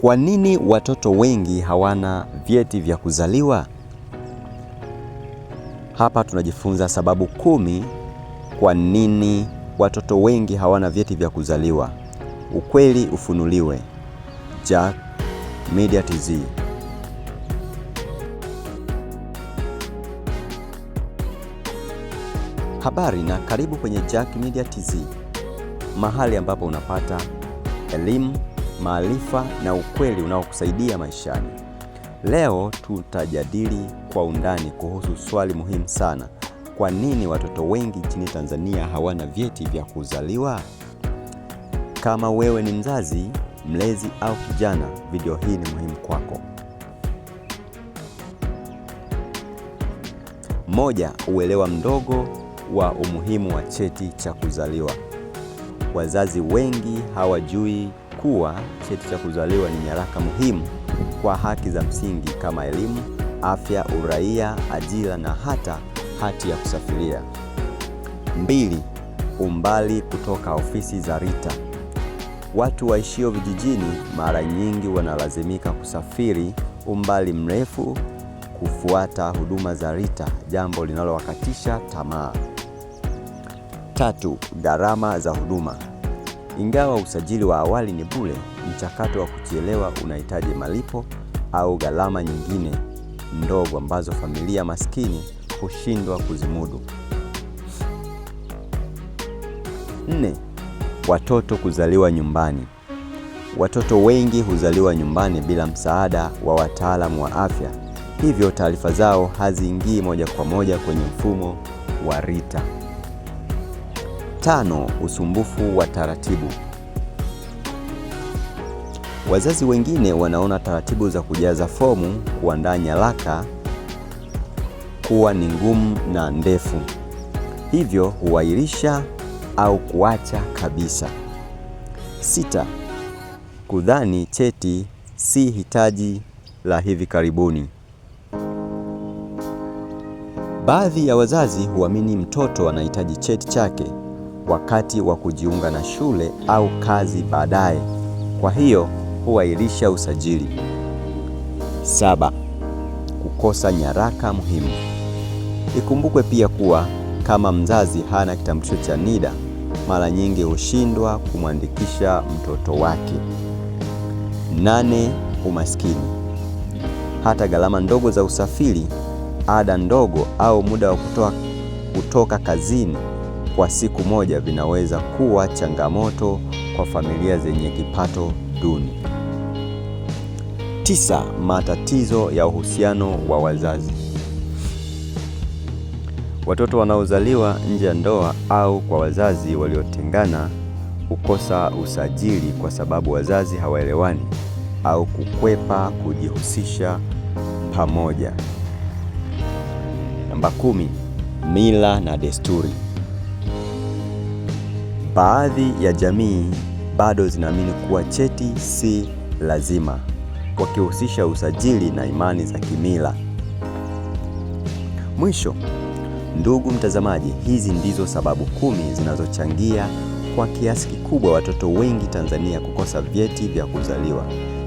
Kwa nini watoto wengi hawana vyeti vya kuzaliwa? Hapa tunajifunza sababu kumi kwa nini watoto wengi hawana vyeti vya kuzaliwa. Ukweli ufunuliwe. Jack Media TZ. Habari na karibu kwenye Jack Media TZ, mahali ambapo unapata elimu maarifa na ukweli unaokusaidia maishani. Leo tutajadili kwa undani kuhusu swali muhimu sana: kwa nini watoto wengi nchini Tanzania hawana vyeti vya kuzaliwa? Kama wewe ni mzazi, mlezi au kijana, video hii ni muhimu kwako. Moja, uelewa mdogo wa umuhimu wa cheti cha kuzaliwa. Wazazi wengi hawajui kuwa cheti cha kuzaliwa ni nyaraka muhimu kwa haki za msingi kama elimu, afya, uraia, ajira na hata hati ya kusafiria. Mbili, umbali kutoka ofisi za RITA. Watu waishio vijijini mara nyingi wanalazimika kusafiri umbali mrefu kufuata huduma za RITA, jambo linalowakatisha tamaa. Tatu, gharama za huduma. Ingawa usajili wa awali ni bure, mchakato wa kuchelewa unahitaji malipo au gharama nyingine ndogo ambazo familia maskini hushindwa kuzimudu. Nne, watoto kuzaliwa nyumbani. Watoto wengi huzaliwa nyumbani bila msaada wa wataalamu wa afya, hivyo taarifa zao haziingii moja kwa moja kwenye mfumo wa RITA. Tano, usumbufu wa taratibu. Wazazi wengine wanaona taratibu za kujaza fomu, kuandaa nyaraka kuwa ni ngumu na ndefu, hivyo huahirisha au kuacha kabisa. Sita, kudhani cheti si hitaji la hivi karibuni. Baadhi ya wazazi huamini mtoto anahitaji cheti chake wakati wa kujiunga na shule au kazi baadaye, kwa hiyo huahirisha usajili. Saba, kukosa nyaraka muhimu. Ikumbukwe pia kuwa kama mzazi hana kitambulisho cha NIDA, mara nyingi hushindwa kumwandikisha mtoto wake. Nane, umaskini. Hata gharama ndogo za usafiri, ada ndogo au muda wa kutoka kazini kwa siku moja vinaweza kuwa changamoto kwa familia zenye kipato duni. Tisa, matatizo ya uhusiano wa wazazi. Watoto wanaozaliwa nje ya ndoa au kwa wazazi waliotengana hukosa usajili kwa sababu wazazi hawaelewani au kukwepa kujihusisha pamoja. Namba kumi, mila na desturi. Baadhi ya jamii bado zinaamini kuwa cheti si lazima, wakihusisha usajili na imani za kimila. Mwisho, ndugu mtazamaji, hizi ndizo sababu kumi zinazochangia kwa kiasi kikubwa watoto wengi Tanzania kukosa vyeti vya kuzaliwa.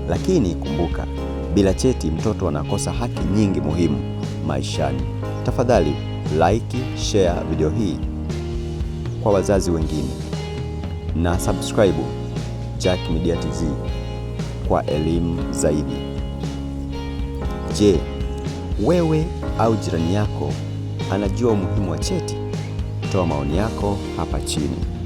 Lakini kumbuka, bila cheti mtoto anakosa haki nyingi muhimu maishani. Tafadhali like, share video hii kwa wazazi wengine na subscribe Jack Media TZ kwa elimu zaidi. Je, wewe au jirani yako anajua umuhimu wa cheti? Toa maoni yako hapa chini.